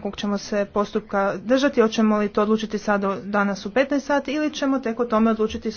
kog ćemo se postupka držati, hoćemo li to odlučiti sada danas u 15 sati ili ćemo tek o tome odlučiti